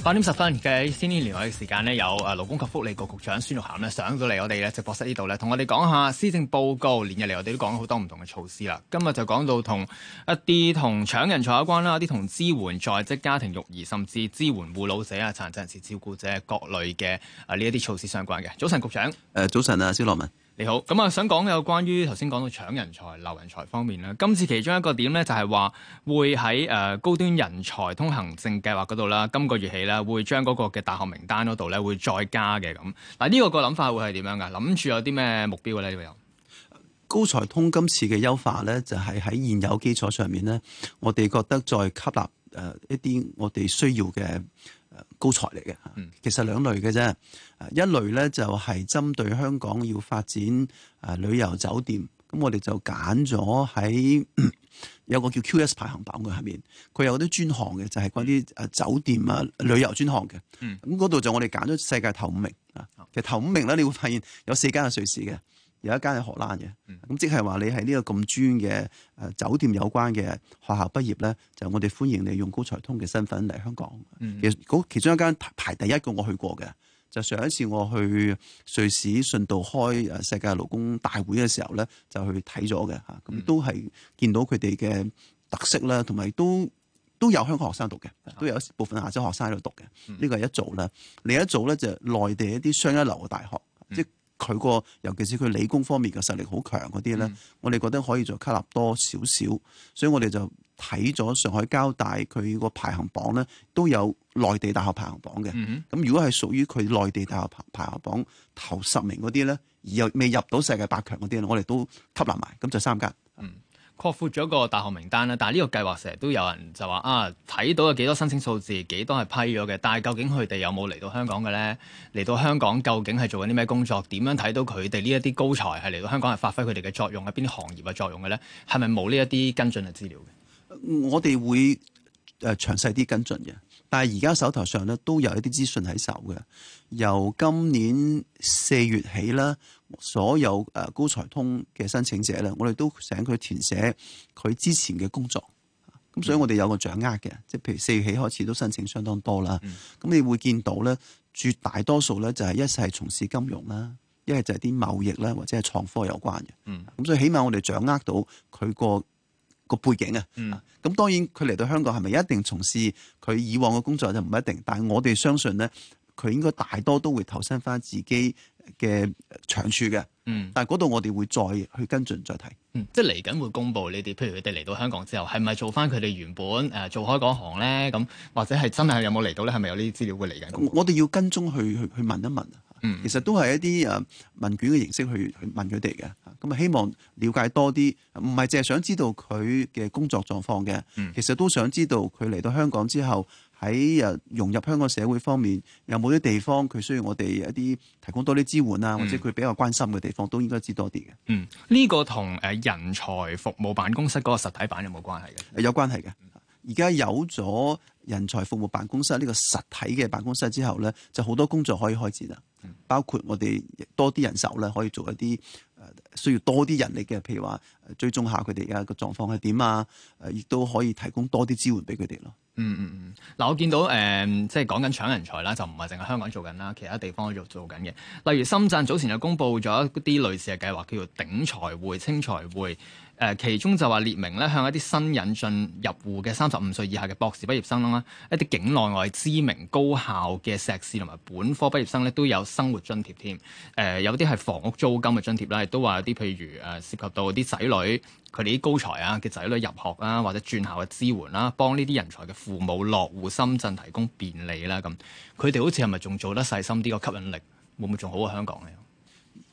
八點十分，喺新年外嘅時間咧，有誒勞工及福利局局，局長孫玉菡咧上到嚟我哋咧直播室呢度咧，同我哋講下施政報告。連日嚟我哋都講好多唔同嘅措施啦，今日就講到同一啲同搶人才有關啦，一啲同支援在職家庭育兒，甚至支援護老者啊、殘疾人士照顧者各類嘅啊呢一啲措施相關嘅。早晨局長，誒、呃、早晨啊，肖樂文。你好，咁啊想講有關於頭先講到搶人才、留人才方面咧，今次其中一個點咧就係話會喺誒高端人才通行證計劃嗰度啦，今個月起咧會將嗰個嘅大學名單嗰度咧會再加嘅咁。嗱呢個個諗法會係點樣噶？諗住有啲咩目標嘅呢？呢位又高才通今次嘅優化咧，就係喺現有基礎上面咧，我哋覺得再吸納誒一啲我哋需要嘅。高才嚟嘅，其實兩類嘅啫。一類咧就係針對香港要發展誒旅遊酒店，咁我哋就揀咗喺有個叫 QS 排行榜嘅下面，佢有啲專項嘅，就係嗰啲誒酒店啊旅遊專項嘅。咁嗰度就我哋揀咗世界頭五名啊。其實頭五名咧，你會發現有四間係瑞士嘅。有一間係荷蘭嘅，咁、嗯、即係話你喺呢個咁專嘅誒酒店有關嘅學校畢業咧，就我哋歡迎你用高才通嘅身份嚟香港。嗯、其實其中一間排第一個我去過嘅，就上一次我去瑞士順道開世界勞工大會嘅時候咧，就去睇咗嘅吓，咁、啊嗯嗯、都係見到佢哋嘅特色啦，同埋都都有香港學生讀嘅，都有部分亞洲學生喺度讀嘅。呢、嗯、個係一組啦，另一組咧就內地一啲雙一流嘅大學，即、嗯佢個尤其是佢理工方面嘅實力好強嗰啲咧，嗯、我哋覺得可以再吸納多少少，所以我哋就睇咗上海交大佢個排行榜咧，都有內地大學排行榜嘅。咁、嗯、如果係屬於佢內地大學排排行榜頭十名嗰啲咧，而又未入到世界百強嗰啲咧，我哋都吸納埋，咁就三間。嗯擴闊咗一個大學名單啦，但係呢個計劃成日都有人就話啊，睇到有幾多申請數字，幾多係批咗嘅，但係究竟佢哋有冇嚟到香港嘅咧？嚟到香港究竟係做緊啲咩工作？點樣睇到佢哋呢一啲高才係嚟到香港係發揮佢哋嘅作用啊？係邊啲行業嘅作用嘅咧？係咪冇呢一啲跟進嘅資料嘅？我哋會誒詳細啲跟進嘅。但係而家手頭上咧都有一啲資訊喺手嘅。由今年四月起啦，所有誒高才通嘅申請者咧，我哋都請佢填寫佢之前嘅工作，咁所以我哋有個掌握嘅，即係譬如四月起開始都申請相當多啦，咁、嗯、你會見到咧絕大多數咧就係一係從事金融啦，一係就係啲貿易啦或者係創科有關嘅，咁所以起碼我哋掌握到佢個。個背景啊，咁、嗯、當然佢嚟到香港係咪一定從事佢以往嘅工作就唔一定，但係我哋相信咧，佢應該大多都會投身翻自己嘅長處嘅。嗯，但係嗰度我哋會再去跟進再睇。嗯，即係嚟緊會公布你哋譬如佢哋嚟到香港之後，係咪做翻佢哋原本誒做開嗰行咧？咁或者係真係有冇嚟到咧？係咪有呢啲資料會嚟緊、嗯？我哋要跟蹤去去去問一問。嗯，其實都係一啲誒問卷嘅形式去去問佢哋嘅，咁啊希望了解多啲，唔係淨係想知道佢嘅工作狀況嘅。嗯、其實都想知道佢嚟到香港之後喺誒融入香港社會方面有冇啲地方佢需要我哋一啲提供多啲支援啊，嗯、或者佢比較關心嘅地方都應該知多啲嘅。嗯，呢、這個同誒人才服務辦公室嗰個實體版有冇關係嘅？有關係嘅。而家有咗人才服務辦公室呢、這個實體嘅辦公室之後咧，就好多工作可以開展啦。包括我哋多啲人手啦，可以做一啲誒需要多啲人力嘅，譬如話追蹤下佢哋而家個狀況係點啊。誒，亦都可以提供多啲支援俾佢哋咯。嗯嗯嗯，嗱，我見到誒，即係講緊搶人才啦，就唔係淨係香港做緊啦，其他地方都做做緊嘅。例如深圳早前就公布咗一啲類似嘅計劃，叫做頂才會、青才會。誒，其中就話列明咧，向一啲新引進入戶嘅三十五歲以下嘅博士畢業生啦，一啲境內外知名高校嘅碩士同埋本科畢業生咧，都有生活津貼添。誒、呃，有啲係房屋租金嘅津貼啦，亦都話有啲譬如誒、呃，涉及到啲仔女佢哋啲高才啊嘅仔女入學啊，或者轉校嘅支援啦，幫呢啲人才嘅父母落戶深圳提供便利啦，咁佢哋好似係咪仲做得細心啲，個吸引力，會唔會仲好過香港呢？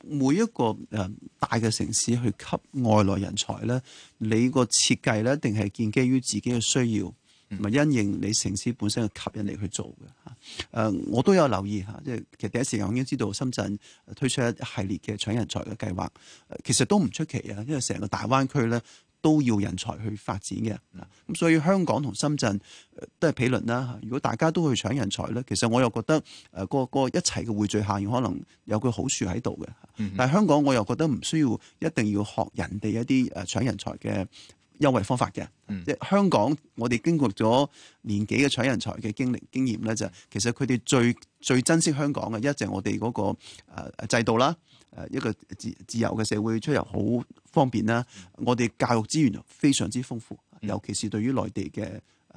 每一個誒大嘅城市去吸外來人才咧，你個設計咧，一定係建基於自己嘅需要，咪因應你城市本身嘅吸引力去做嘅嚇。誒、呃，我都有留意嚇，即係其實第一時間我已經知道深圳推出一系列嘅搶人才嘅計劃，其實都唔出奇啊，因為成個大灣區咧。都要人才去發展嘅，咁所以香港同深圳都係毗鄰啦。如果大家都去搶人才咧，其實我又覺得誒、呃那個、那個一齊嘅匯聚效應，可能有個好處喺度嘅。但係香港我又覺得唔需要一定要學人哋一啲誒、呃、搶人才嘅。優惠方法嘅，即係、嗯、香港，我哋經過咗年幾嘅搶人才嘅經歷經驗咧，就其實佢哋最最珍惜香港嘅，一就係我哋嗰個誒制度啦，誒一個自自由嘅社會，出入好方便啦。嗯、我哋教育資源非常之豐富，嗯、尤其是對於內地嘅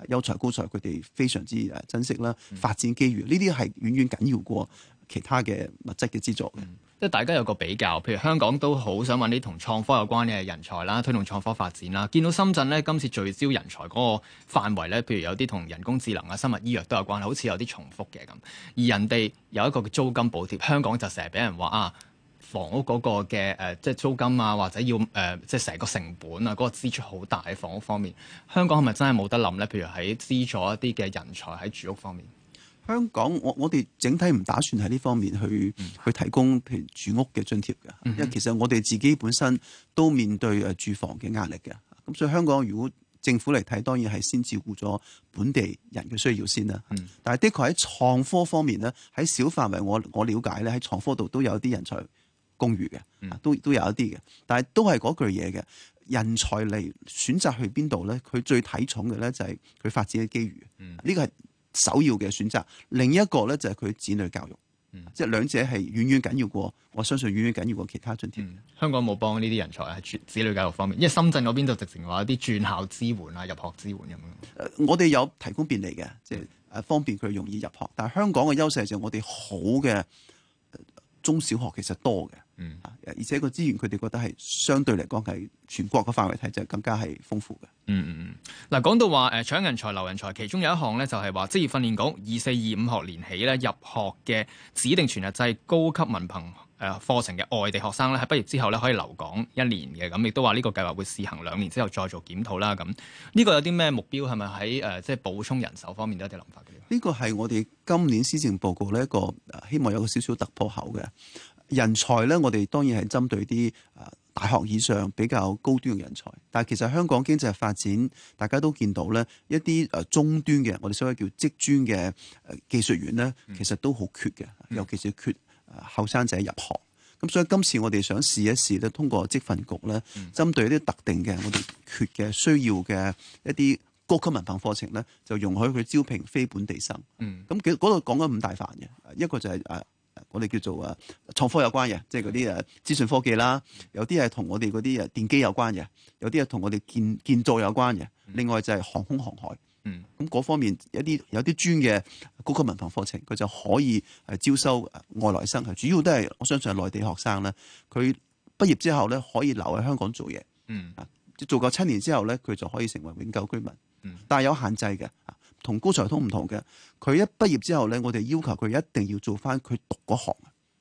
優才高才，佢哋非常之誒珍惜啦，發展機遇呢啲係遠遠緊要過。其他嘅物質嘅資助，即係、嗯、大家有個比較。譬如香港都好想揾啲同創科有關嘅人才啦，推動創科發展啦。見到深圳呢，今次聚焦人才嗰個範圍呢，譬如有啲同人工智能啊、生物醫藥都有關，好似有啲重複嘅咁。而人哋有一個租金補貼，香港就成日俾人話啊，房屋嗰個嘅誒、呃，即係租金啊，或者要誒、呃，即係成個成本啊，嗰、嗰個支出好大喺房屋方面。香港係咪真係冇得諗呢？譬如喺資助一啲嘅人才喺住屋方面？香港，我我哋整體唔打算喺呢方面去、嗯、去提供譬如住屋嘅津貼嘅，因為其實我哋自己本身都面對誒住房嘅壓力嘅。咁所以香港如果政府嚟睇，當然係先照顧咗本地人嘅需要先啦。嗯、但係的確喺創科方面咧，喺小範圍我我瞭解咧，喺創科度都有一啲人才公寓嘅，都、嗯、都有一啲嘅。但係都係嗰句嘢嘅，人才嚟選擇去邊度咧？佢最睇重嘅咧就係佢發展嘅機遇。呢個係。首要嘅選擇，另一個咧就係佢子女教育，嗯、即係兩者係遠遠緊要過，我相信遠遠緊要過其他津貼、嗯。香港冇幫呢啲人才喺子女教育方面，因為深圳嗰邊就直情話啲轉校支援啊、入學支援咁樣、呃。我哋有提供便利嘅，即、就、係、是、方便佢容易入學，嗯、但係香港嘅優勢就係我哋好嘅、呃、中小學其實多嘅。嗯，而且個資源佢哋覺得係相對嚟講係全國嘅範圍睇就更加係豐富嘅。嗯。嗯嗯嗱，講到話誒搶人才留人才，其中有一項呢，就係話職業訓練局二四二五學年起呢，入學嘅指定全日制高級文憑誒課程嘅外地學生呢，喺畢業之後呢，可以留港一年嘅，咁亦都話呢個計劃會試行兩年之後再做檢討啦。咁呢個有啲咩目標係咪喺誒即係補充人手方面都有啲諗法嘅？呢個係我哋今年施政報告呢一個，一個希望有個少少突破口嘅。人才咧，我哋當然係針對啲誒大學以上比較高端嘅人才。但係其實香港經濟發展，大家都見到咧，一啲誒中端嘅，我哋所謂叫職專嘅技術員咧，其實都好缺嘅，尤其是缺後生仔入行。咁所以今次我哋想試一試咧，通過職訓局咧，針對一啲特定嘅我哋缺嘅需要嘅一啲高級文憑課程咧，就容許佢招聘非本地生。嗯。咁其實嗰度講緊五大範嘅，一個就係、是、誒我哋叫做誒。創科有關嘅，即係嗰啲誒資訊科技啦，有啲係同我哋嗰啲誒電機有關嘅，有啲係同我哋建建造有關嘅。另外就係航空航海。嗯，咁嗰方面一啲有啲專嘅高級文憑課程，佢就可以誒招收外來生嘅，主要都係我相信係內地學生啦。佢畢業之後咧，可以留喺香港做嘢。嗯，啊，做夠七年之後咧，佢就可以成為永久居民。嗯，但係有限制嘅，啊，同高才通唔同嘅。佢一畢業之後咧，我哋要求佢一定要做翻佢讀嗰行。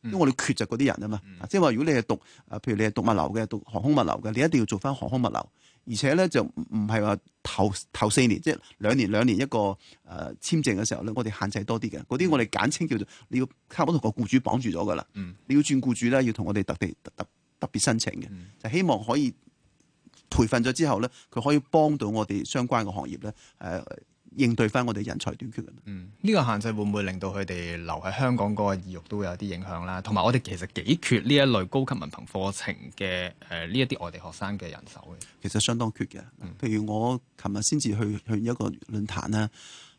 因為我哋缺就嗰啲人啊嘛，即係話如果你係讀，啊、呃、譬如你係讀物流嘅，讀航空物流嘅，你一定要做翻航空物流，而且咧就唔係話頭頭四年，即係兩年兩年一個誒簽、呃、證嘅時候咧，我哋限制多啲嘅，嗰啲我哋簡稱叫做你要差唔多同個僱主綁住咗㗎啦，你要轉僱主咧、嗯、要同我哋特別特特別申請嘅，嗯、就希望可以培訓咗之後咧，佢可以幫到我哋相關嘅行業咧誒。呃呃應對翻我哋人才短缺嘅。嗯，呢、呢個限制會唔會令到佢哋留喺香港嗰個意欲都會有啲影響啦。同埋我哋其實幾缺呢一類高級文憑課程嘅誒呢一啲外地學生嘅人手嘅。其實相當缺嘅。嗯、譬如我琴日先至去去一個論壇咧，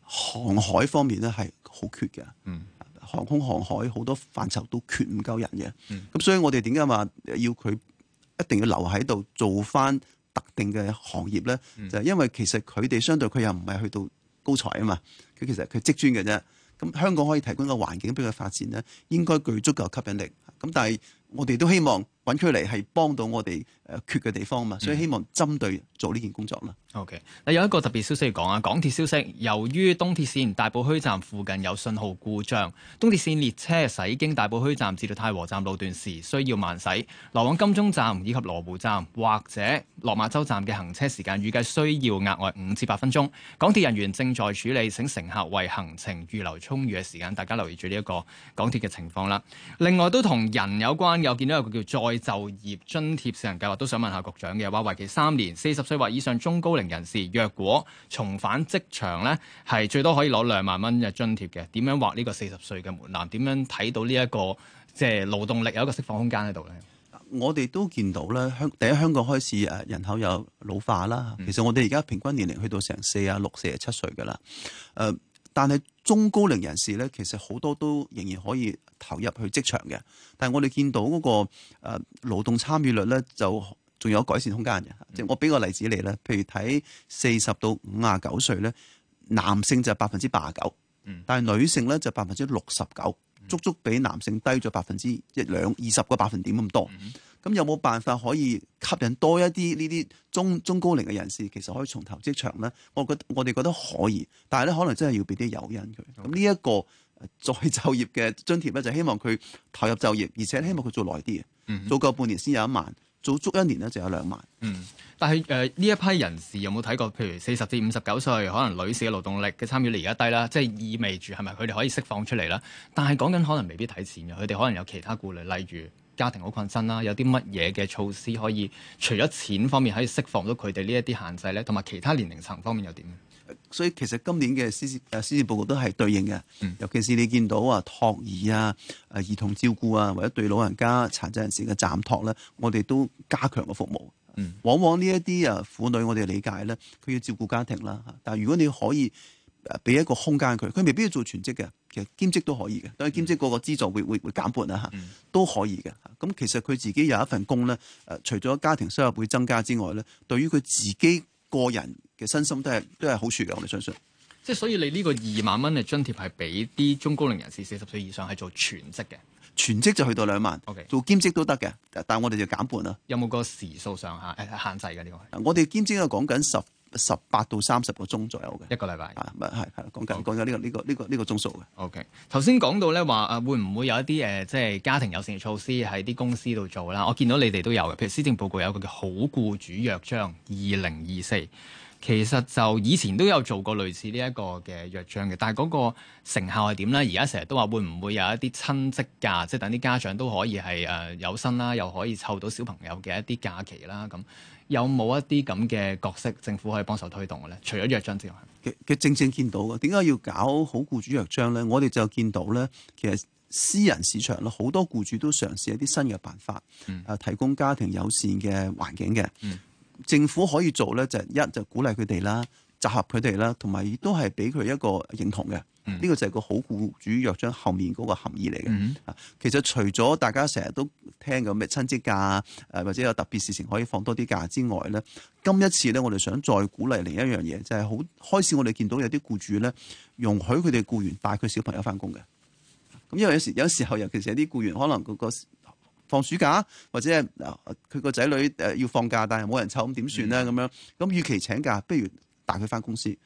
航海方面咧係好缺嘅、嗯。航空航海好多範疇都缺唔夠人嘅。咁、嗯、所以我哋點解話要佢一定要留喺度做翻特定嘅行業咧？就係、嗯、因為其實佢哋相對佢又唔係去到。高才啊嘛，佢 其實，佢職專嘅啫，咁香港可以提供一個環境俾佢發展咧，應該具足夠吸引力。咁但係，我哋都希望。搵出嚟係幫到我哋誒缺嘅地方啊嘛，所以希望針對做呢件工作啦。O K。嗱有一個特別消息要講啊，港鐵消息，由於東鐵線大埔墟站附近有信號故障，東鐵線列車駛經大埔墟站至到太和站路段時需要慢駛，來往金鐘站以及羅湖站或者落馬洲站嘅行車時間預計需要額外五至八分鐘。港鐵人員正在處理，請乘客為行程預留充裕嘅時間。大家留意住呢一個港鐵嘅情況啦。另外都同人有關，有見到有個叫再就業津貼試行計劃都想問下局長嘅話，為期三年，四十歲或以上中高齡人士若果重返職場呢，係最多可以攞兩萬蚊嘅津貼嘅。點樣劃呢個四十歲嘅門檻？點樣睇到呢一個即係勞動力有一個釋放空間喺度呢？我哋都見到咧，香第一香港開始誒人口有老化啦。其實我哋而家平均年齡去到成四十六、四十七歲㗎喇。誒、呃。但係中高齡人士咧，其實好多都仍然可以投入去職場嘅。但係我哋見到嗰、那個誒勞、呃、動參與率咧，就仲有改善空間嘅。即係、嗯、我俾個例子你啦，譬如睇四十到五十九歲咧，男性就百分之八十九，但係女性咧就百分之六十九，足足比男性低咗百分之一兩二十個百分點咁多。嗯。咁有冇辦法可以吸引多一啲呢啲中中高齡嘅人士，其實可以重投職場咧？我覺得我哋覺得可以，但係咧可能真係要俾啲誘因佢。咁呢一個再就業嘅津貼咧，就是、希望佢投入就業，而且希望佢做耐啲啊！做夠半年先有一萬，做足一年咧就有兩萬。嗯。但係誒呢一批人士有冇睇過？譬如四十至五十九歲可能女士嘅勞動力嘅參與率而家低啦，即係意味住係咪佢哋可以釋放出嚟啦？但係講緊可能未必睇錢嘅，佢哋可能有其他顧慮，例如。家庭好困身啦，有啲乜嘢嘅措施可以除咗錢方面，可以釋放到佢哋呢一啲限制咧，同埋其他年齡層方面又點？所以其實今年嘅施政誒施政報告都係對應嘅，嗯、尤其是你見到啊託兒啊誒兒童照顧啊，或者對老人家、殘疾人士嘅暫托咧，我哋都加強個服務。嗯、往往呢一啲啊婦女，我哋理解咧，佢要照顧家庭啦，但如果你可以俾一個空間佢，佢未必要做全職嘅。其實兼職都可以嘅，但係兼職個個資助會會會減半啊，嚇，都可以嘅。咁其實佢自己有一份工咧，誒，除咗家庭收入會增加之外咧，對於佢自己個人嘅身心都係都係好處嘅，我哋相信。即係所以你呢個二萬蚊嘅津貼係俾啲中高齡人士四十歲以上係做全職嘅，全職就去到兩萬。O K，做兼職都得嘅，但係我哋就減半啦。有冇個時數上下限制嘅呢個？我哋兼職係講緊十十八到三十個鐘左右嘅一個禮拜，啊咪係係講緊講緊呢個呢個呢個呢個鐘數嘅。OK，頭先講到咧話誒，會唔會有一啲誒、呃，即係家庭友善嘅措施喺啲公司度做啦？我見到你哋都有嘅，譬如施政報告有一個叫好僱主約章二零二四，其實就以前都有做過類似呢一個嘅約章嘅，但係嗰個成效係點咧？而家成日都話會唔會有一啲親職假，即係等啲家長都可以係誒、呃、有薪啦，又可以湊到小朋友嘅一啲假期啦咁。有冇一啲咁嘅角色，政府可以幫手推動嘅咧？除咗約章之外，嘅嘅正正見到嘅，點解要搞好僱主約章咧？我哋就見到咧，其實私人市場咧，好多僱主都嘗試一啲新嘅辦法，啊，提供家庭友善嘅環境嘅。嗯、政府可以做咧，就係、一就鼓勵佢哋啦，集合佢哋啦，同埋亦都係俾佢一個認同嘅。呢個就係個好僱主約章後面嗰個含義嚟嘅。嗯、其實除咗大家成日都聽嘅咩親戚假啊，或者有特別事情可以放多啲假之外咧，今一次咧，我哋想再鼓勵另一樣嘢，就係、是、好開始我哋見到有啲僱主咧，容許佢哋僱員帶佢小朋友返工嘅。咁因為有時有時候，尤其是有啲僱員可能、那個個放暑假或者佢個仔女誒要放假，但係冇人湊，咁點算咧？咁樣咁，與其請假，不如。帶佢翻公司，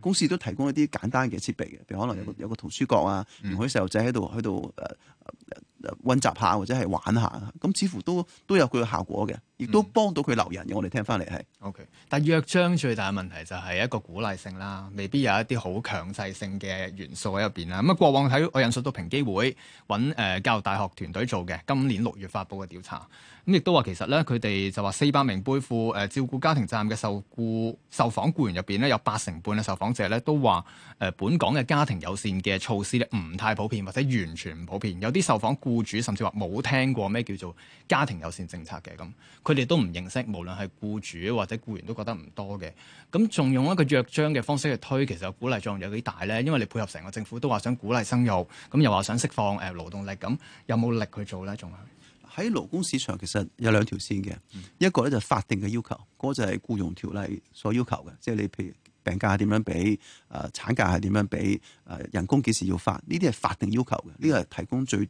公司亦都提供一啲簡單嘅設備嘅，譬如可能有個有個圖書角啊，唔啲細路仔喺度喺度誒溫習下或者係玩下，咁似乎都都有佢嘅效果嘅。亦、嗯、都幫到佢留人嘅，嗯、我哋聽翻嚟係。O、okay. K，但約章最大嘅問題就係一個鼓勵性啦，未必有一啲好強制性嘅元素喺入邊啦。咁、嗯、啊，過往睇我引述到平機會揾誒、呃、教育大學團隊做嘅，今年六月發布嘅調查，咁、嗯、亦都話其實咧，佢哋就話四百名背負誒、呃、照顧家庭責任嘅受雇受訪雇員入邊咧，有八成半嘅受訪者咧都話誒、呃、本港嘅家庭友善嘅措施咧唔太普遍或者完全唔普遍，有啲受訪雇主甚至話冇聽過咩叫做家庭友善政策嘅咁你哋都唔認識，無論係雇主或者雇員都覺得唔多嘅，咁仲用一個約章嘅方式去推，其實鼓勵作用有幾大咧？因為你配合成個政府都話想鼓勵生育，咁又話想釋放誒勞動力，咁有冇力去做咧？仲喺勞工市場其實有兩條線嘅，嗯、一個咧就法定嘅要求，嗰就係僱傭條例所要求嘅，即係你譬如病假係點樣俾，誒、呃、產假係點樣俾，誒、呃、人工幾時要發，呢啲係法定要求嘅，呢個係提供最。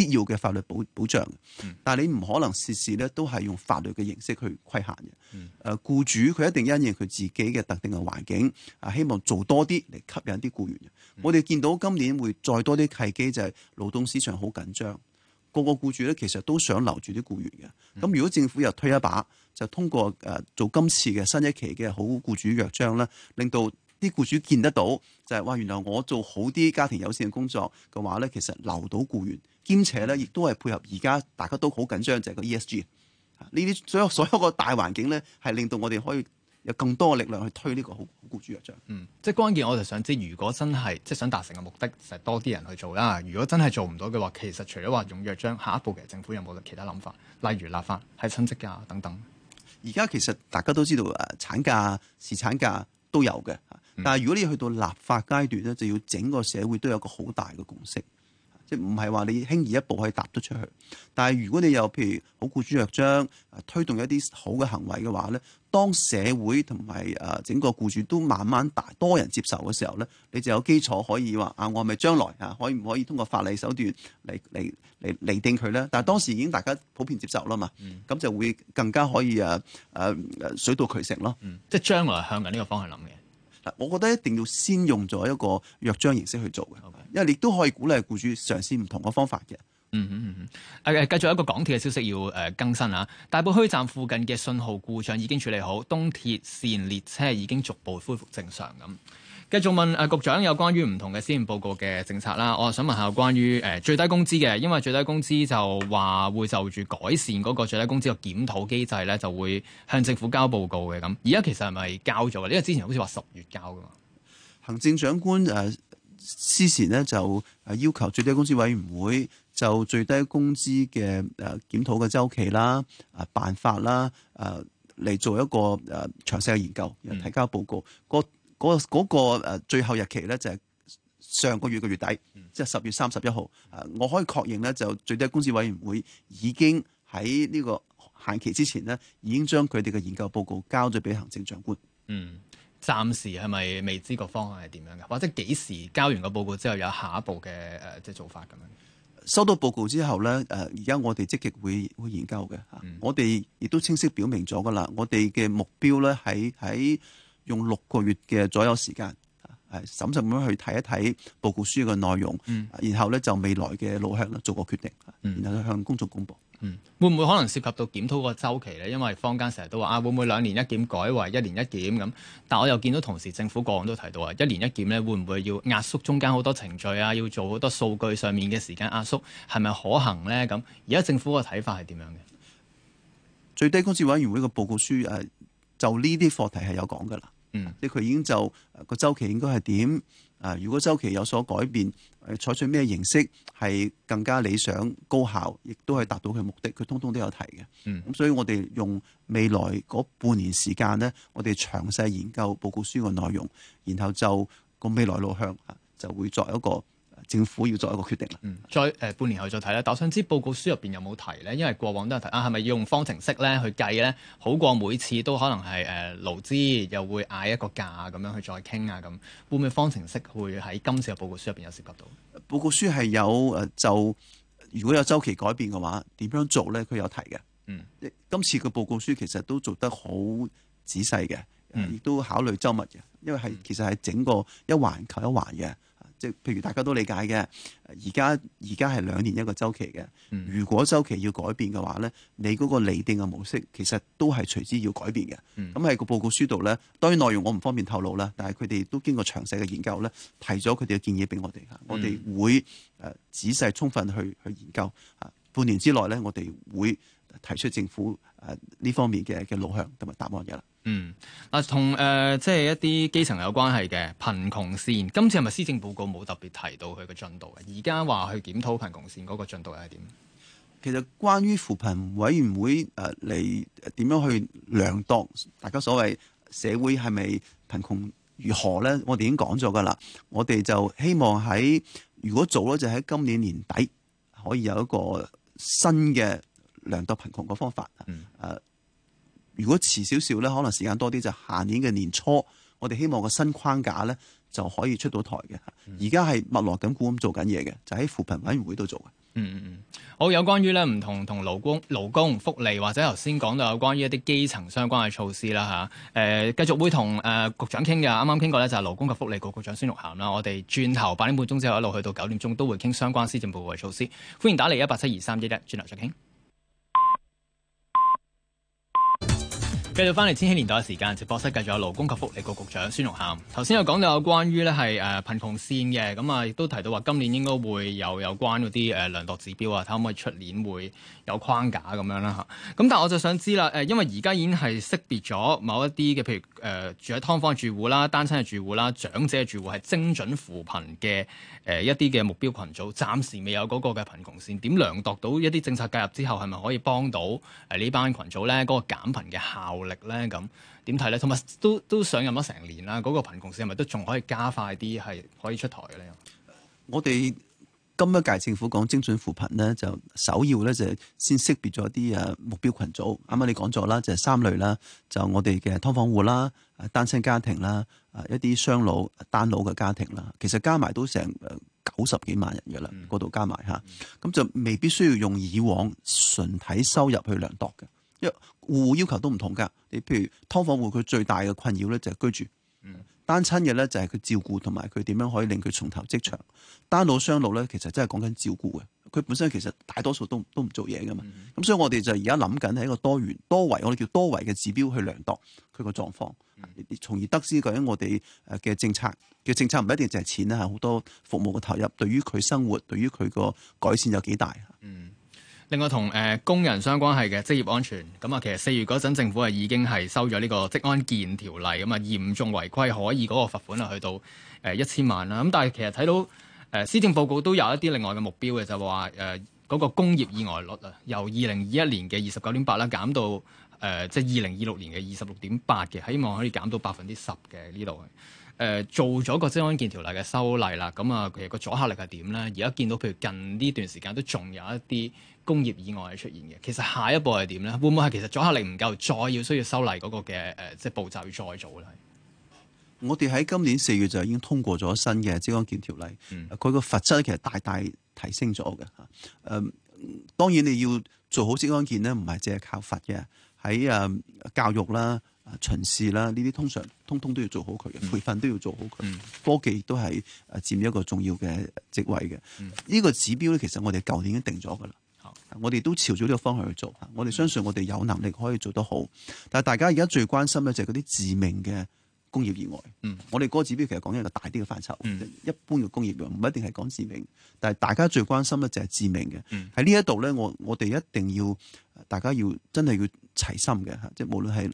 必要嘅法律保保障，嗯、但係你唔可能事事咧都係用法律嘅形式去規限嘅。誒、嗯，僱主佢一定因應佢自己嘅特定嘅環境，啊，希望做多啲嚟吸引啲僱員。嗯、我哋見到今年會再多啲契機，就係勞動市場好緊張，個個僱主咧其實都想留住啲僱員。嘅、嗯。咁如果政府又推一把，就通過誒做今次嘅新一期嘅好僱主約章咧，令到。啲僱主見得到就係話，原來我做好啲家庭友善嘅工作嘅話咧，其實留到僱員，兼且咧亦都係配合而家大家都好緊張就係個 ESG 呢啲所有所有個大環境咧，係令到我哋可以有更多嘅力量去推呢個好僱主約章。嗯，即係關鍵，我就想知，如果真係即係想達成嘅目的，就係、是、多啲人去做啦。如果真係做唔到嘅話，其實除咗話用約章，下一步其實政府有冇其他諗法，例如立法、係薪積啊等等。而家其實大家都知道誒、啊，產假、侍產假。都有嘅，但係如果你去到立法階段咧，就要整個社會都有個好大嘅共識。即唔係話你輕易一步可以踏得出去，但係如果你又譬如好僱主約章、啊、推動一啲好嘅行為嘅話咧，當社會同埋誒整個僱主都慢慢大多人接受嘅時候咧，你就有基礎可以話啊，我係咪將來啊可唔可以通過法例手段嚟嚟嚟釐定佢咧？但係當時已經大家普遍接受啦嘛，咁、嗯、就會更加可以誒誒、啊啊、水到渠成咯、嗯，即係將來向緊呢個方向諗嘅。我覺得一定要先用咗一個約章形式去做嘅，Okay. 因為你都可以鼓勵僱主嘗試唔同嘅方法嘅、嗯。嗯嗯嗯嗯，誒、嗯啊、繼續一個港鐵嘅消息要誒、呃、更新啊，大埔墟站附近嘅信號故障已經處理好，東鐵線列車已經逐步恢復正常咁。繼續問誒局長有關於唔同嘅施政報告嘅政策啦，我又想問下關於誒、呃、最低工資嘅，因為最低工資就話會就住改善嗰個最低工資嘅檢討機制咧，就會向政府交報告嘅咁。而家其實係咪交咗呢？因為之前好似話十月交噶嘛。行政長官誒之、呃、前呢，就誒要求最低工資委員會就最低工資嘅誒檢討嘅周期啦、誒、啊、辦法啦、誒、啊、嚟做一個誒詳細嘅研究，提交報告、嗯嗰嗰個最後日期咧就係上個月嘅月底，嗯、即係十月三十一號。誒、嗯，我可以確認咧，就最低工資委員會已經喺呢個限期之前呢，已經將佢哋嘅研究報告交咗俾行政長官。嗯，暫時係咪未知個方案係點樣嘅？或者幾時交完個報告之後有下一步嘅誒、呃、即係做法咁樣？收到報告之後咧，誒而家我哋積極會會研究嘅。嗯、我哋亦都清晰表明咗噶啦，我哋嘅目標咧喺喺。用六個月嘅左右時間，係審慎咁樣去睇一睇報告書嘅內容，嗯、然後咧就未來嘅路向做個決定，嗯、然後向公眾公布。嗯，會唔會可能涉及到檢討個周期咧？因為坊間成日都話啊，會唔會兩年一檢改為一年一檢咁？但我又見到同時政府個案都提到啊，一年一檢咧會唔會要壓縮中間好多程序啊？要做好多數據上面嘅時間壓縮係咪可行咧？咁而家政府個睇法係點樣嘅？最低工資委員會個報告書誒，就呢啲課題係有講㗎喇。嗯，即佢已經就個、啊、周期應該係點啊？如果周期有所改變，誒、啊，採取咩形式係更加理想、高效，亦都係達到佢目的，佢通通都有提嘅。嗯，咁所以我哋用未來嗰半年時間咧，我哋詳細研究報告書嘅內容，然後就個未來路向啊，就會作一個。政府要做一個決定啦。嗯，再誒、呃、半年後再睇啦。但我想知報告書入邊有冇提咧？因為過往都有提啊，係咪要用方程式咧去計咧？好過每次都可能係誒、呃、勞資又會嗌一個價咁樣去再傾啊咁。會唔會方程式會喺今次嘅報告書入邊有涉及到？報告書係有誒，就如果有週期改變嘅話，點樣做咧？佢有提嘅。嗯，今次嘅報告書其實都做得好仔細嘅，亦、嗯、都考慮周密嘅，因為係其實係整個一環扣一環嘅。即係，譬如大家都理解嘅，而家而家係兩年一個周期嘅。如果周期要改變嘅話咧，你嗰個釐定嘅模式其實都係隨之要改變嘅。咁喺個報告書度咧，當然內容我唔方便透露啦。但係佢哋都經過詳細嘅研究咧，提咗佢哋嘅建議俾我哋吓，我哋會誒仔細充分去去研究。半年之內咧，我哋會提出政府。誒，呢方面嘅嘅路向同埋答案嘅啦。嗯，嗱，同、呃、誒，即係一啲基層有關係嘅貧窮線，今次係咪施政報告冇特別提到佢嘅進度啊？而家話去檢討貧窮線嗰個進度係點？其實關於扶貧委員會誒嚟點樣去量度大家所謂社會係咪貧窮如何咧？我哋已經講咗噶啦，我哋就希望喺如果做咧，就喺今年年底可以有一個新嘅。量度貧窮嘅方法，誒、呃，如果遲少少咧，可能時間多啲，就下年嘅年初，我哋希望個新框架咧就可以出到台嘅。而家係密鑼緊鼓咁做緊嘢嘅，就喺、是、扶貧委員會度做嘅。嗯嗯嗯，好，有關於咧唔同同勞工勞工福利，或者頭先講到有關於一啲基層相關嘅措施啦吓。誒、啊，繼、呃、續會同誒、呃、局長傾嘅。啱啱傾過咧就係勞工及福利局局長孫玉菡啦。我哋轉頭八點半鐘之後一路去到九點鐘都會傾相關施政報告嘅措施。歡迎打嚟一八七二三一一，轉頭再傾。繼續翻嚟千禧年代嘅時間，直播室繼續有勞工及福利局局長孫玉菡。頭先有講到有關於咧係誒貧窮線嘅，咁啊亦都提到話今年應該會有有關嗰啲誒量度指標啊，睇可唔可以出年會有框架咁樣啦嚇。咁但係我就想知啦，誒因為而家已經係識別咗某一啲嘅譬如誒、呃、住喺劏房嘅住戶啦、單親嘅住戶啦、長者嘅住戶係精準扶貧嘅誒一啲嘅目標群組，暫時未有嗰個嘅貧窮線，點量度到一啲政策介入之後係咪可以幫到誒呢班群組咧？嗰、嗰個減貧嘅效？咧咁點睇咧？同埋都都上任咗成年啦，嗰、那個貧窮線係咪都仲可以加快啲？係可以出台嘅咧？我哋今一屆政府講精準扶貧咧，就首要咧就係先識別咗啲誒目標群組。啱啱你講咗啦，就係、是、三類啦，就我哋嘅劏房戶啦、單親家庭啦、一啲雙老單老嘅家庭啦。其實加埋都成九十幾萬人噶啦，嗰度、嗯、加埋吓，咁、嗯、就未必需要用以往純體收入去量度嘅。因為戶要求都唔同噶，你譬如劏房戶佢最大嘅困擾咧就係居住；嗯、單親嘅咧就係佢照顧同埋佢點樣可以令佢重頭職場；單老雙老咧其實真係講緊照顧嘅，佢本身其實大多數都都唔做嘢噶嘛。咁、嗯嗯、所以我哋就而家諗緊係一個多元多維，我哋叫多維嘅指標去量度佢個狀況，從、嗯、而得知究竟我哋誒嘅政策嘅政策唔一定就係錢啦，係好多服務嘅投入對於佢生活、對於佢個改善有幾大。嗯另外同誒、呃、工人相關係嘅職業安全咁啊、嗯，其實四月嗰陣政府係已經係收咗呢個職安健條例咁啊，嚴、嗯、重違規可以嗰、嗰個罰款啊，去到誒一千萬啦。咁但係其實睇到誒施、呃、政報告都有一啲另外嘅目標嘅，就話誒嗰個工業意外率啊，由二零二一年嘅二十九點八啦減到誒、呃、即係二零二六年嘅二十六點八嘅，希望可以減到百分之十嘅呢度誒做咗個職安健條例嘅修例啦。咁啊、嗯，其實個阻嚇力係點咧？而家見到譬如近呢段時間都仲有一啲。工業意外係出現嘅，其實下一步係點咧？會唔會係其實阻嚇力唔夠，再要需要修例嗰個嘅誒，即係步驟要再做咧？我哋喺今年四月就已經通過咗新嘅職安健條例，佢個罰則其實大大提升咗嘅嚇。誒、嗯，當然你要做好職安健呢，唔係淨係靠罰嘅，喺誒教育啦、巡視啦呢啲，通常通通都要做好佢嘅，培訓都要做好佢，嗯、科技都係誒佔一個重要嘅職位嘅。呢、嗯、個指標咧，其實我哋舊年已經定咗噶啦。我哋都朝住呢個方向去做，我哋相信我哋有能力可以做得好。但係大家而家最關心咧就係嗰啲致命嘅工業意外。嗯，我哋嗰個指標其實講一個大啲嘅範疇，嗯、一般嘅工業意外唔一定係講致命，但係大家最關心咧就係致命嘅。喺、嗯、呢一度咧，我我哋一定要大家要真係要齊心嘅，即係無論係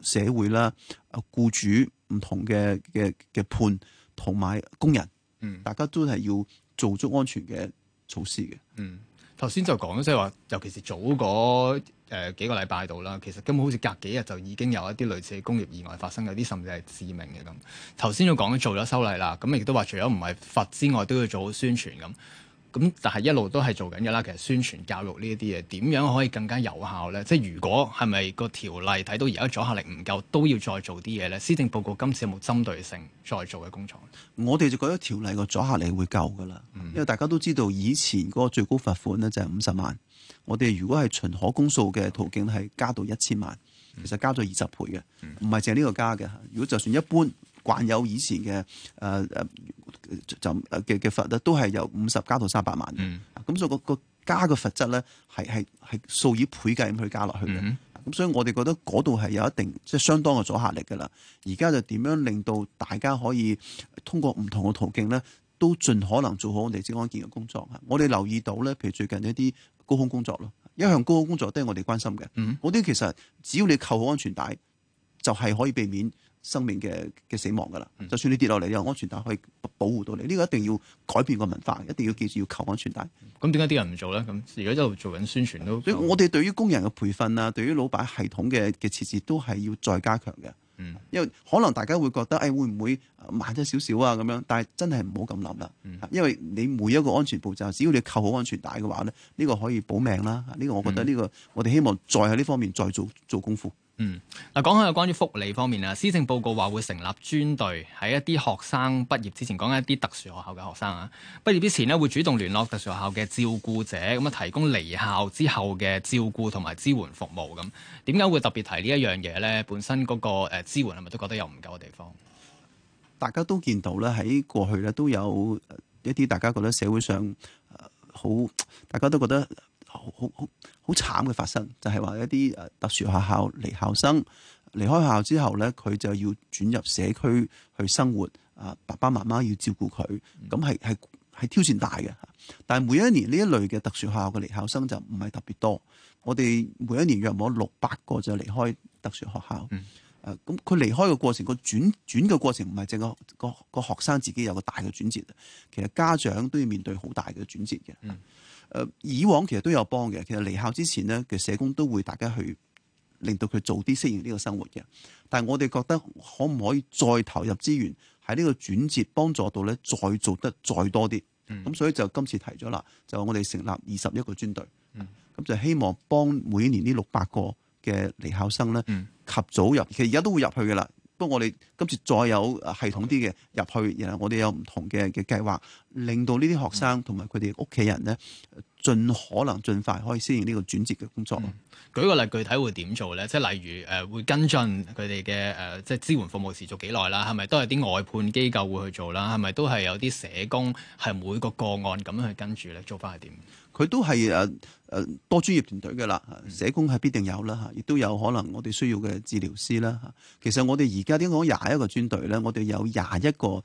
社會啦、啊僱主唔同嘅嘅嘅判同埋工人，嗯，大家都係要做足安全嘅措施嘅，嗯。頭先就講咗，即係話，尤其是早嗰誒、呃、幾個禮拜度啦，其實根本好似隔幾日就已經有一啲類似工業意外發生，有啲甚至係致命嘅咁。頭先都講咗做咗修例啦，咁亦都話除咗唔係罰之外，都要做好宣傳咁。咁但係一路都係做緊嘅啦，其實宣傳教育呢一啲嘢點樣可以更加有效咧？即係如果係咪個條例睇到而家阻嚇力唔夠，都要再做啲嘢咧？施政報告今次有冇針對性再做嘅工作？我哋就覺得條例個阻嚇力會夠噶啦，嗯、因為大家都知道以前嗰個最高罰款咧就係五十萬，我哋如果係循可公訴嘅途徑係加到一千萬，其實加咗二十倍嘅，唔係淨係呢個加嘅。如果就算一般慣有以前嘅誒誒。呃就嘅嘅罰咧，都係由五十加到三百萬嘅。咁、mm hmm. 所以個個加嘅罰則咧，係係係數以倍計咁去加落去嘅。咁、mm hmm. 所以我哋覺得嗰度係有一定即係、就是、相當嘅阻嚇力㗎啦。而家就點樣令到大家可以通過唔同嘅途徑咧，都盡可能做好我哋職安健嘅工作啊！我哋留意到咧，譬如最近一啲高空工作咯，一向高空工作都係我哋關心嘅。嗰啲、mm hmm. 其實只要你扣好安全帶，就係、是、可以避免。生命嘅嘅死亡噶啦，就算你跌落嚟有安全帶可以保護到你，呢個一定要改變個文化，一定要記住要扣安全帶。咁點解啲人唔做咧？咁而家一路做緊宣傳囉。所以我哋對於工人嘅培訓啊，對於老闆系統嘅嘅設置都係要再加強嘅。嗯，因為可能大家會覺得，唉，會唔會慢咗少少啊？咁樣，但係真係唔好咁諗啦。嗯，因為你每一個安全步驟，只要你扣好安全帶嘅話咧，呢個可以保命啦。呢個我覺得呢個，嗯，我哋希望再喺呢方面再做做功夫。嗯，嗱，講下有關於福利方面啊，施政報告話會成立專隊喺一啲學生畢業之前，講緊一啲特殊學校嘅學生啊，畢業之前咧會主動聯絡特殊學校嘅照顧者，咁啊提供離校之後嘅照顧同埋支援服務咁。點解會特別提呢一樣嘢呢？本身嗰、嗰個誒、呃、支援係咪都覺得有唔夠嘅地方？大家都見到咧，喺過去咧都有一啲大家覺得社會上好，大家都覺得。好好好，好慘嘅發生，就係、是、話一啲誒特殊學校離校生離開學校之後咧，佢就要轉入社區去生活。啊，爸爸媽媽要照顧佢，咁係係係挑戰大嘅。但係每一年呢一類嘅特殊學校嘅離校生就唔係特別多。我哋每一年約莫六百個就離開特殊學校。誒、嗯，咁佢、啊、離開嘅過程，個轉轉嘅過程唔係淨個個個學生自己有個大嘅轉折。其實家長都要面對好大嘅轉折嘅。嗯誒以往其實都有幫嘅，其實離校之前咧，其社工都會大家去令到佢早啲適應呢個生活嘅。但係我哋覺得可唔可以再投入資源喺呢個轉折幫助度咧，再做得再多啲？咁、嗯、所以就今次提咗啦，就我哋成立二十一個專隊，咁、嗯、就希望幫每年呢六百個嘅離校生咧、嗯、及早入，其實而家都會入去嘅啦。不過，我哋今次再有系統啲嘅入去，然後我哋有唔同嘅嘅計劃，令到呢啲學生同埋佢哋屋企人咧，儘可能盡快可以適應呢個轉折嘅工作咯、嗯。舉個例，具體會點做咧？即係例如誒、呃，會跟進佢哋嘅誒，即係支援服務持續幾耐啦？係咪都係啲外判機構會去做啦？係咪都係有啲社工係每個個案咁樣去跟住咧？做法係點？佢都係誒。呃誒多專業團隊嘅啦，社工係必定有啦嚇，亦都有可能我哋需要嘅治療師啦嚇。其實我哋而家點講廿一個專隊咧，我哋有廿一個誒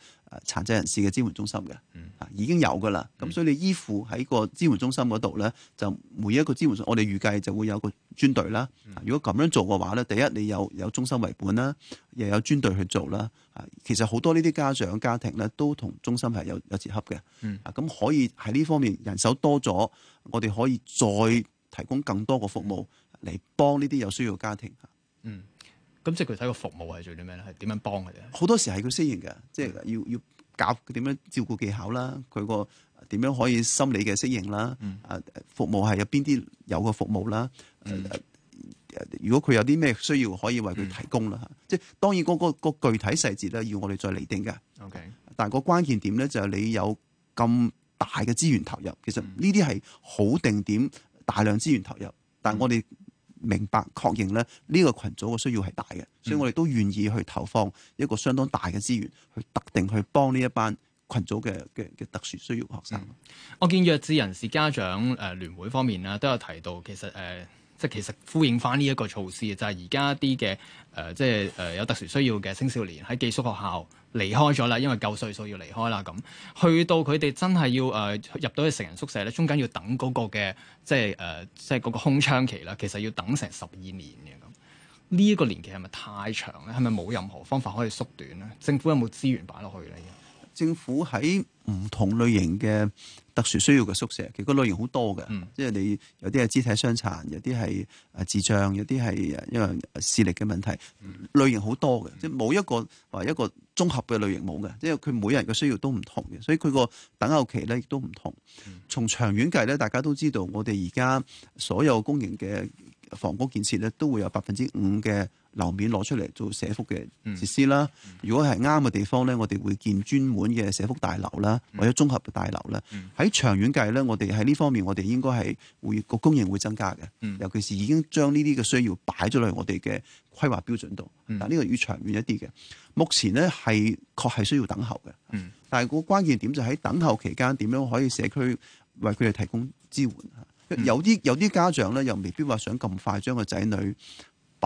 殘障人士嘅支援中心嘅，嚇已經有噶啦。咁、嗯、所以你依附喺個支援中心嗰度咧，就每一個支援我哋預計就會有個專隊啦。如果咁樣做嘅話咧，第一你有有中心為本啦，又有專隊去做啦。嚇，其實好多呢啲家長家庭咧都同中心係有有接洽嘅。嗯，啊咁可以喺呢方面人手多咗。我哋可以再提供更多嘅服務嚟幫呢啲有需要嘅家庭。嗯，咁即係佢睇個服務係做啲咩咧？係點樣幫佢哋？好多時係佢適應嘅，即係要要搞點樣照顧技巧啦，佢個點樣可以心理嘅適應啦。啊、嗯，服務係有邊啲有嘅服務啦。嗯、如果佢有啲咩需要，可以為佢提供啦。嗯、即係當然嗰、嗰個、嗰個嗰個具體細節咧，要我哋再釐定嘅。OK，但係個關鍵點咧就係你有咁大嘅資源投入，其實呢啲係好定點大量資源投入，但我哋明白確認咧，呢個群組嘅需要係大嘅，所以我哋都願意去投放一個相當大嘅資源，去特定去幫呢一班群組嘅嘅嘅特殊需要嘅學生，嗯。我見弱智人士家長誒、呃、聯會方面咧都有提到，其實誒。呃即係其實呼應翻呢一個措施，就係而家啲嘅誒，即係誒、呃、有特殊需要嘅青少年喺寄宿學校離開咗啦，因為夠歲數要離開啦。咁去到佢哋真係要誒、呃、入到去成人宿舍咧，中間要等嗰個嘅即係誒、呃、即係嗰個空窗期啦。其實要等成十二年嘅咁，呢一、這個年期係咪太長咧？係咪冇任何方法可以縮短咧？政府有冇資源擺落去咧？政府喺唔同類型嘅特殊需要嘅宿舍，其實個類型好多嘅，嗯、即係你有啲係肢體傷殘，有啲係啊智障，有啲係因為視力嘅問題、嗯、類型好多嘅，即係冇一個話一個綜合嘅類型冇嘅，即係佢每人嘅需要都唔同嘅，所以佢個等候期咧亦都唔同。嗯、從長遠計咧，大家都知道，我哋而家所有公營嘅房屋建設咧，都會有百分之五嘅。樓面攞出嚟做社福嘅設施啦，嗯、如果係啱嘅地方咧，我哋會建專門嘅社福大樓啦，嗯、或者綜合嘅大樓啦。喺、嗯、長遠計咧，我哋喺呢方面我哋應該係會個供應會增加嘅，嗯、尤其是已經將呢啲嘅需要擺咗落我哋嘅規劃標準度。但呢個要長遠一啲嘅，目前呢係確係需要等候嘅。但係個關鍵點就喺等候期間點樣可以社區為佢哋提供支援？嗯、有啲有啲家長咧又未必話想咁快將個仔女，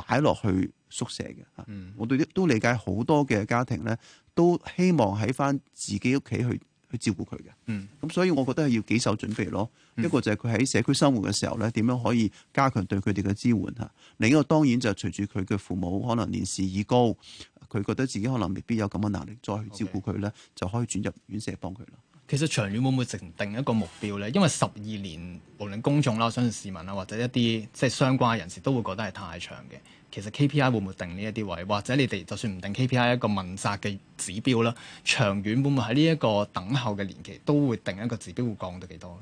擺落去宿舍嘅嚇，嗯、我哋都理解好多嘅家庭咧，都希望喺返自己屋企去去照顧佢嘅。咁、嗯、所以我覺得係要幾手準備咯。嗯、一個就係佢喺社區生活嘅時候咧，點樣可以加強對佢哋嘅支援嚇。另一個當然就係隨住佢嘅父母可能年事已高，佢覺得自己可能未必有咁嘅能力再去照顧佢咧，嗯 okay. 就可以轉入院舍幫佢啦。其實長遠會唔會定一個目標咧？因為十二年無論公眾啦、相信市民啦，或者一啲即係相關人士都會覺得係太長嘅。其實 KPI 會唔會定呢一啲位？或者你哋就算唔定 KPI，一個問責嘅指標啦，長遠會唔會喺呢一個等候嘅年期都會定一個指標，會降到幾多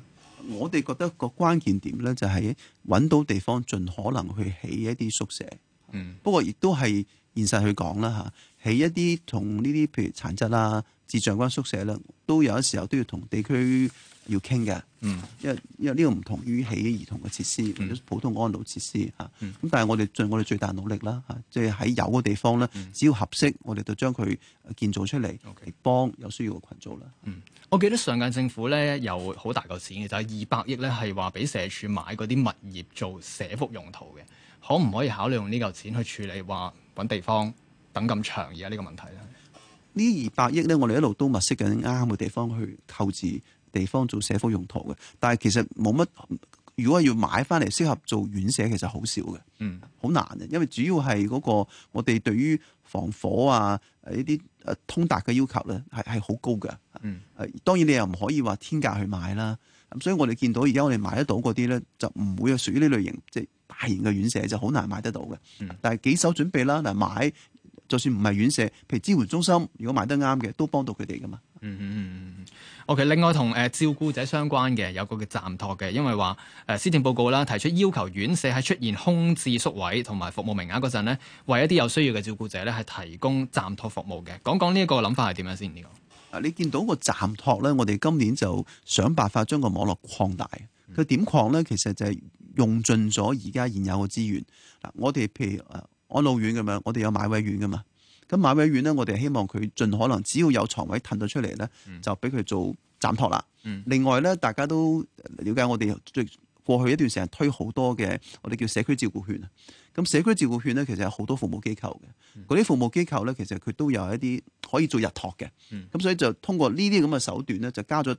咧？我哋覺得個關鍵點咧就係揾到地方，盡可能去起一啲宿舍。嗯，不過亦都係現實去講啦嚇。起一啲同呢啲譬如殘疾啦、智障關宿舍啦，都有啲時候都要同地區要傾嘅。嗯因，因為因為呢個唔同於起兒童嘅設施，嗯、或者普通安老設施嚇。咁、嗯、但係我哋盡我哋最大努力啦嚇，即係喺有嘅地方咧，嗯、只要合適，我哋就將佢建造出嚟，okay. 幫有需要嘅群組啦。嗯，我記得上屆政府咧有好大嚿錢嘅，就係二百億咧係話俾社署買嗰啲物業做社福用途嘅，可唔可以考慮用呢嚿錢去處理話揾地方？等咁長而家呢個問題咧？呢二百億咧，我哋一路都物色緊啱啱嘅地方去購置地方做社福用途嘅。但係其實冇乜，如果係要買翻嚟適合做院舍，其實好少嘅。嗯，好難嘅，因為主要係嗰個我哋對於防火啊呢啲誒通達嘅要求咧，係係好高嘅。嗯，當然你又唔可以話天價去買啦。咁所以我哋見到而家我哋買得到嗰啲咧，就唔會係屬於呢類型，即係大型嘅院舍就好難買得到嘅。嗯、但係幾手準備啦，嗱買。就算唔係院舍，譬如支援中心，如果買得啱嘅，都幫到佢哋噶嘛。嗯嗯嗯嗯。OK，另外同誒、呃、照顧者相關嘅，有個嘅暫託嘅，因為話誒施政報告啦，提出要求院舍喺出現空置宿位同埋服務名額嗰陣呢，為一啲有需要嘅照顧者咧，係提供暫託服務嘅。講講呢一個諗法係點樣先？呢個啊，你見到個暫託咧，我哋今年就想辦法將個網絡擴大。佢點擴咧？其實就係用盡咗而家現有嘅資源。嗱，我哋譬如誒。我安老院咁樣，我哋有買位院噶嘛？咁買位院咧，我哋希望佢盡可能，只要有床位騰到出嚟咧，嗯、就俾佢做暫托啦。嗯、另外咧，大家都了解我哋最過去一段時間推好多嘅我哋叫社區照顧券。咁社區照顧券咧，其實有好多服務機構嘅，嗰啲、嗯、服務機構咧，其實佢都有一啲可以做日托嘅。咁、嗯、所以就通過呢啲咁嘅手段咧，就加咗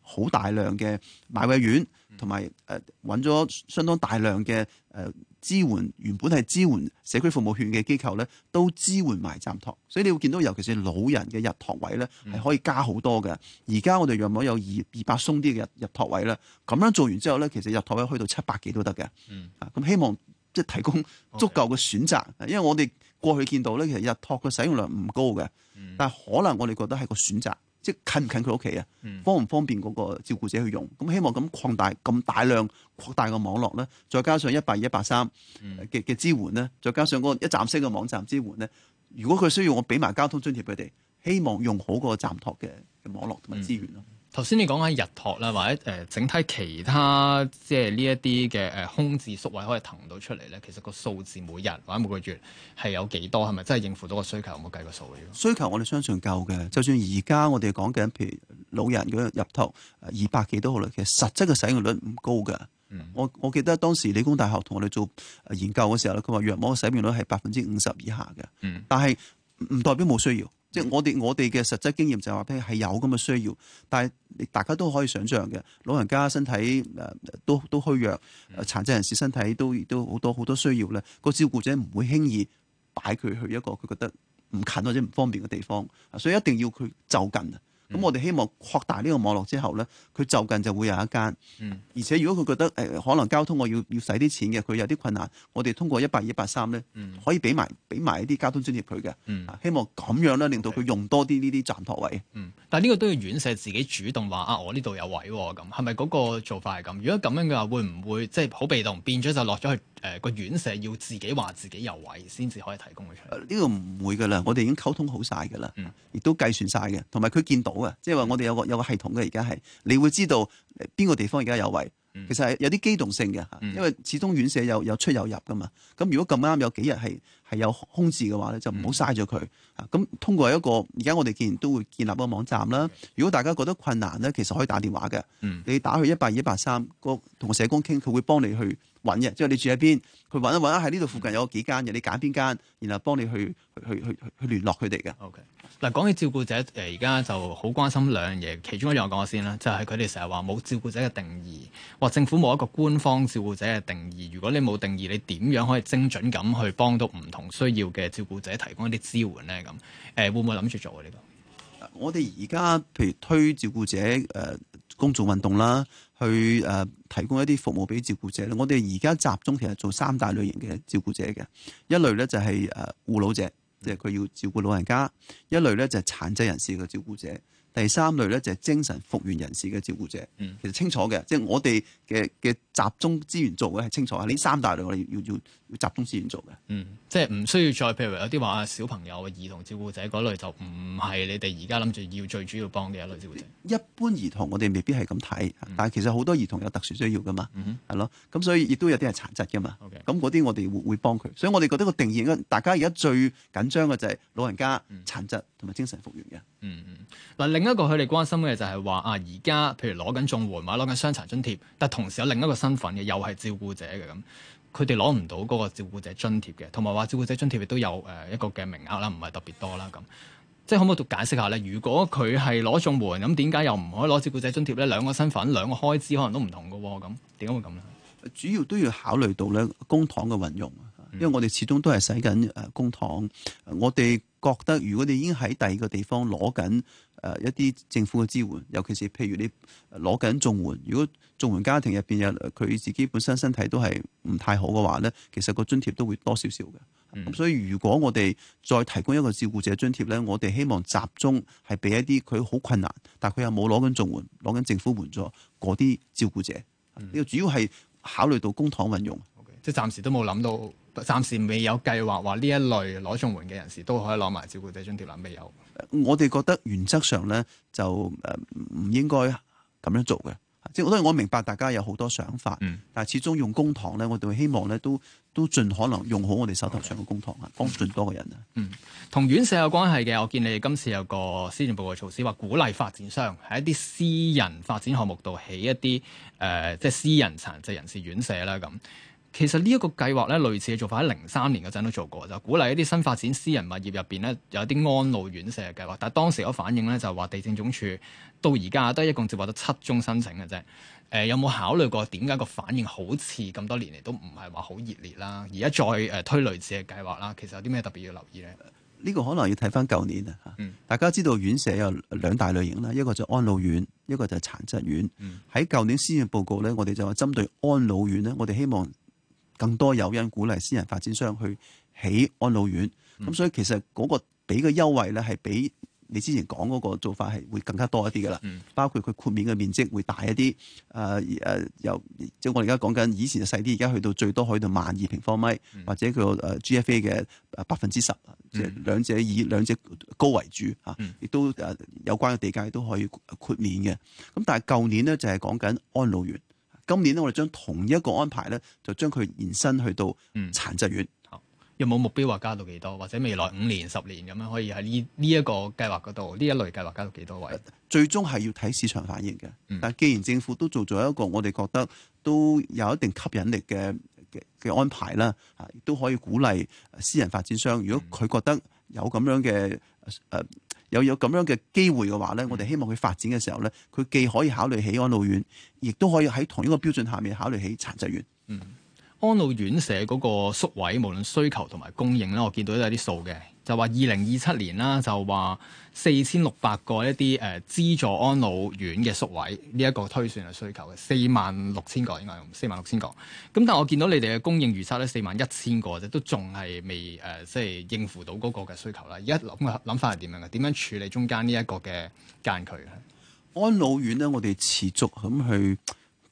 好大量嘅買位院。同埋誒揾咗相當大量嘅誒、呃、支援，原本係支援社區服務券嘅機構咧，都支援埋站托。所以你會見到尤其是老人嘅日托位咧，係、嗯、可以加好多嘅。而家我哋若冇有二二百鬆啲嘅日日託位咧，咁樣做完之後咧，其實日托位去到七百幾都得嘅。嗯，啊，咁希望即係提供足夠嘅選擇，因為我哋過去見到咧，其實日托嘅使用量唔高嘅，但係可能我哋覺得係個選擇。即近唔近佢屋企啊？方唔方便嗰個照顧者去用？咁希望咁擴大咁大量擴大個網絡咧，再加上一八二、一八三嘅嘅支援咧，再加上嗰個一站式嘅網站支援咧，如果佢需要，我俾埋交通津貼佢哋，希望用好嗰個暫託嘅網絡同埋資源咯。頭先你講緊日託啦，或者誒整體其他即係呢一啲嘅誒空置宿位可以騰到出嚟咧，其實個數字每日或者每個月係有幾多？係咪真係應付到個需求？有冇計過數嘅？需求我哋相信夠嘅。就算而家我哋講緊，譬如老人嗰入託二百幾都好啦，其實實質嘅使用率唔高嘅。嗯、我我記得當時理工大學同我哋做研究嘅時候，佢話弱膜嘅使用率係百分之五十以下嘅。嗯、但係唔代表冇需要。即係我哋我哋嘅實質經驗就係話，譬如係有咁嘅需要，但係大家都可以想象嘅，老人家身體誒都都虛弱，殘疾人士身體都都好多好多需要咧，個照顧者唔會輕易擺佢去一個佢覺得唔近或者唔方便嘅地方，所以一定要佢就近啊。咁、嗯、我哋希望擴大呢個網絡之後呢，佢就近就會有一間。嗯，而且如果佢覺得誒、呃、可能交通我要要使啲錢嘅，佢有啲困難，我哋通過一八二一八三咧，可以俾埋俾埋一啲交通專業佢嘅。嗯、啊，希望咁樣呢，令到佢用多啲呢啲暫託位。嗯，但係呢個都要院舍自己主動話啊，我呢度有位喎、啊，咁係咪嗰個做法係咁？如果咁樣嘅話，會唔會即係好被動，變咗就落咗去？誒個院舍要自己話自己有位先至可以提供佢出嚟，呢個唔會嘅啦，我哋已經溝通好晒嘅啦，亦都計算晒嘅，同埋佢見到嘅，即係話我哋有個有個系統嘅而家係，你會知道邊個地方而家有位，其實係有啲機動性嘅，因為始終院舍有有出有入噶嘛，咁如果咁啱有幾日係係有空置嘅話咧，就唔好嘥咗佢嚇。咁通過一個而家我哋既然都會建立一個網站啦，如果大家覺得困難咧，其實可以打電話嘅，你打去一八二一八三個同社工傾，佢會幫你去。揾嘅，即係你住喺邊，佢揾一揾一喺呢度附近有幾間嘅，你揀邊間，然後幫你去去去去去，去聯絡佢哋嘅。O K，嗱，講起照顧者，誒而家就好關心兩樣嘢，其中一樣我講先啦，就係佢哋成日話冇照顧者嘅定義，話政府冇一個官方照顧者嘅定義。如果你冇定義，你點樣可以精準咁去幫到唔同需要嘅照顧者提供一啲支援咧？咁誒、呃、會唔會諗住做啊？呢個、呃？我哋而家譬如推照顧者誒、呃、公眾運動啦。佢誒提供一啲服務俾照顧者咧，我哋而家集中其實做三大類型嘅照顧者嘅，一類咧就係誒護老者，即係佢要照顧老人家；一類咧就係殘疾人士嘅照顧者；第三類咧就係精神復原人士嘅照顧者。嗯，其實清楚嘅，即係我哋嘅嘅集中資源做嘅係清楚，呢三大類我哋要要，要集中資源做嘅，嗯，即係唔需要再譬如有啲話小朋友啊兒童照顧者嗰類就唔係你哋而家諗住要最主要幫嘅一類照顧者。一般兒童我哋未必係咁睇，嗯、但係其實好多兒童有特殊需要噶嘛，係、嗯、哼咯，咁所以亦都有啲係殘疾噶嘛，咁嗰啲我哋會會幫佢。所以我哋覺得個定義，大家而家最緊張嘅就係老人家、殘疾同埋精神復原嘅。嗯嗯，嗱另一個佢哋關心嘅就係話啊，而家譬如攞緊綜援或者攞緊傷殘津貼，但同時有另一個身份嘅又係照顧者嘅咁。佢哋攞唔到嗰個照顧者津貼嘅，同埋話照顧者津貼亦都有誒一個嘅名額啦，唔係特別多啦咁。即係可唔可以都解釋下咧？如果佢係攞綜援，咁點解又唔可以攞照顧者津貼咧？兩個身份、兩個開支，可能都唔同嘅喎。咁點解會咁咧？主要都要考慮到咧公帑嘅運用，因為我哋始終都係使緊誒公帑。嗯、我哋覺得，如果你已經喺第二個地方攞緊。誒一啲政府嘅支援，尤其是譬如你攞緊綜援，如果綜援家庭入邊有佢自己本身身體都係唔太好嘅話咧，其實個津貼都會多少少嘅。咁、嗯、所以如果我哋再提供一個照顧者津貼咧，我哋希望集中係俾一啲佢好困難，但佢又冇攞緊綜援，攞緊政府援助嗰啲照顧者。呢個、嗯、主要係考慮到公帑運用。即係暫時都冇諗到，暫時未有計劃話呢一類攞綜援嘅人士都可以攞埋照顧者津貼。臨未有，我哋覺得原則上咧就誒唔應該咁樣做嘅。即係我當然我明白大家有好多想法，嗯，但係始終用公帑咧，我哋希望咧都都盡可能用好我哋手頭上嘅公帑啊，幫盡 Okay. 多個人啊。嗯，同院舍有關係嘅，我見你哋今次有個施政報告措施，話鼓勵發展商喺一啲私人發展項目度起一啲誒、呃，即係私人殘疾人士院舍啦，咁。其實呢一個計劃咧，類似嘅做法喺零三年嗰陣都做過，就鼓勵一啲新發展私人物業入邊咧有啲安老院舍嘅計劃。但係當時嗰反應咧就係話，地政總署到而家都一共接獲咗七宗申請嘅啫。誒、呃，有冇考慮過點解個反應好似咁多年嚟都唔係話好熱烈啦？而家再誒推類似嘅計劃啦，其實有啲咩特別要留意咧？呢個可能要睇翻舊年啊。嗯。大家知道院舍有兩大類型啦，嗯、一個就安老院，一個就係殘疾院。喺舊、嗯、年施政報告咧，我哋就話針對安老院咧，我哋希望。更多誘因鼓勵私人發展商去起安老院，咁、嗯、所以其實嗰個俾嘅優惠咧，係比你之前講嗰個做法係會更加多一啲噶啦。嗯、包括佢豁免嘅面積會大一啲，誒、呃、誒、呃，由即係我哋而家講緊以前就細啲，而家去到最多可以到萬二平方米，嗯、或者佢個誒 GFA 嘅百分之十，即係兩者以兩者高為主、嗯、啊，亦都誒有關嘅地界都可以豁免嘅。咁但係舊年咧就係講緊安老院。今年我哋將同一個安排咧，就將佢延伸去到嗯殘疾院，嗯、有冇目標話加到幾多？或者未來五年、十年咁樣，可以喺呢呢一個計劃嗰度，呢一類計劃加到幾多位？呃、最終係要睇市場反應嘅。但既然政府都做咗一個，我哋覺得都有一定吸引力嘅嘅安排啦，啊，亦都可以鼓勵私人發展商，如果佢覺得有咁樣嘅誒。呃有有咁樣嘅機會嘅話咧，我哋希望佢發展嘅時候咧，佢既可以考慮起安老院，亦都可以喺同一個標準下面考慮起殘疾院。嗯。安老院舍嗰個宿位，無論需求同埋供應咧，我見到都有啲數嘅，就話二零二七年啦，就話四千六百個一啲誒、呃、資助安老院嘅宿位，呢、這、一個推算嘅需求嘅四萬六千個，應該用四萬六千個。咁但係我見到你哋嘅供應預測咧，四萬一千個啫，都仲係未誒，即、呃、係應付到嗰個嘅需求啦。而家諗嘅諗法係點樣嘅？點樣處理中間呢一個嘅間距啊？安老院咧，我哋持續咁去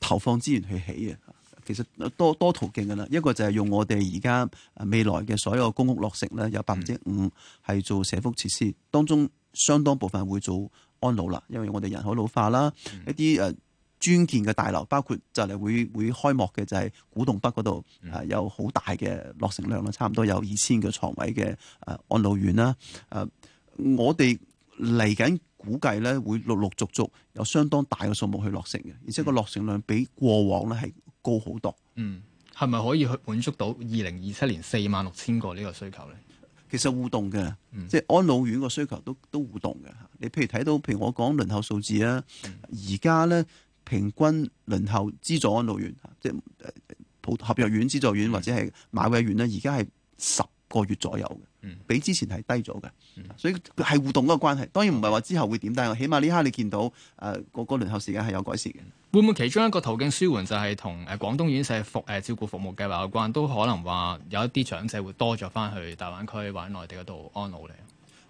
投放資源去起啊。其實多多途徑嘅啦，一個就係用我哋而家未來嘅所有公屋落成咧，有百分之五係做社福設施，嗯、當中相當部分會做安老啦，因為我哋人口老化啦，嗯、一啲誒專建嘅大樓，包括就嚟會會開幕嘅就係古洞北嗰度、嗯啊，有好大嘅落成量啦，差唔多有二千個床位嘅誒安老院啦。誒、啊啊，我哋嚟緊估計咧會陸陸續續續有相當大嘅數目去落成嘅，而且個落成量比過往咧係高好多，嗯，係咪可以去滿足到二零二七年四萬六千個呢個需求咧？其實互動嘅，嗯，即係安老院個需求都都互動嘅吓，你譬如睇到，譬如我講輪候數字啊，而家咧平均輪候資助安老院嚇，即係誒，普合約院資助院或者係買位院咧，而家係十個月左右嘅。比之前係低咗嘅，嗯、所以係互動個關係。當然唔係話之後會點，但係起碼呢刻你見到誒、呃、個個輪候時間係有改善嘅。會唔會其中一個途徑舒緩就係同誒廣東院舍服誒照顧服務計劃有關？都可能話有一啲長者會多咗翻去大灣區或者內地嗰度安老嚟。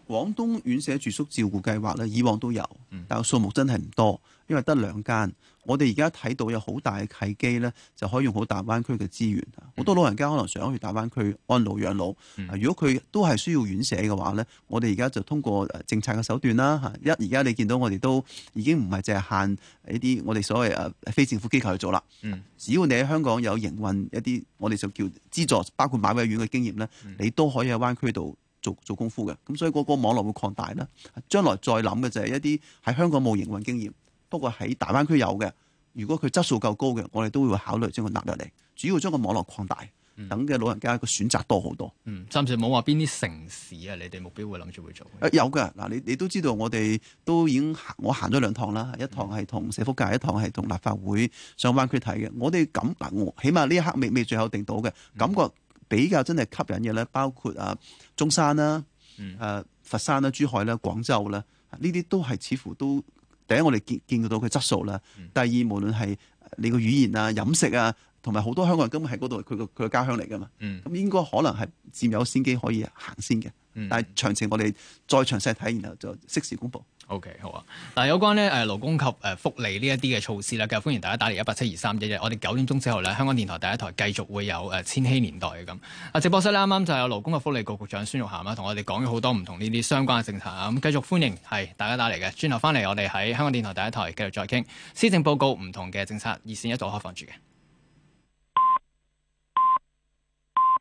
廣東院舍住宿照顧計劃咧，以往都有，但係數目真係唔多，因為得兩間。我哋而家睇到有好大嘅契機咧，就可以用好大灣區嘅資源。好多老人家可能想去大灣區安老養老。如果佢都係需要院舍嘅話咧，我哋而家就通過政策嘅手段啦嚇。一而家你見到我哋都已經唔係淨係限呢啲我哋所謂誒非政府機構去做啦。只要你喺香港有營運一啲，我哋就叫資助，包括買位院嘅經驗咧，你都可以喺灣區度做做功夫嘅。咁所以嗰個網絡會擴大啦。將來再諗嘅就係一啲喺香港冇營運經驗。不過喺大灣區有嘅，如果佢質素夠高嘅，我哋都會考慮將佢納入嚟，主要將個網絡擴大，等嘅、嗯、老人家個選擇多好多、嗯。暫時冇話邊啲城市啊？你哋目標會諗住會做？誒、啊、有㗎嗱，你你都知道，我哋都已經行，我行咗兩趟啦，一趟係同社福界，一趟係同立法會上灣區睇嘅。我哋咁嗱，我起碼呢一刻未未最後定到嘅感覺比較真係吸引嘅咧，包括啊中山啦、啊、誒、啊、佛山啦、啊、珠海啦、啊、廣州啦、啊，呢啲都係似乎都。第一，我哋見見到到佢質素啦。第二，無論係你個語言啊、飲食啊。同埋好多香港人根本喺嗰度，佢個佢個家鄉嚟噶嘛。咁、嗯、應該可能係佔有先機，可以行先嘅。嗯、但係詳情，我哋再詳細睇，然後就適時公布。O.K. 好啊。嗱，有關咧誒勞工及誒福利呢一啲嘅措施咧，繼續歡迎大家打嚟一八七二三一一。我哋九點鐘之後咧，香港電台第一台繼續會有誒千禧年代咁啊。直播室咧，啱啱就有勞工及福利局局長孫玉菡啊，我同我哋講咗好多唔同呢啲相關嘅政策啊。咁繼續歡迎係大家打嚟嘅。轉頭翻嚟，我哋喺香港電台第一台繼續再傾施政報告唔同嘅政策，二線一早開放住嘅。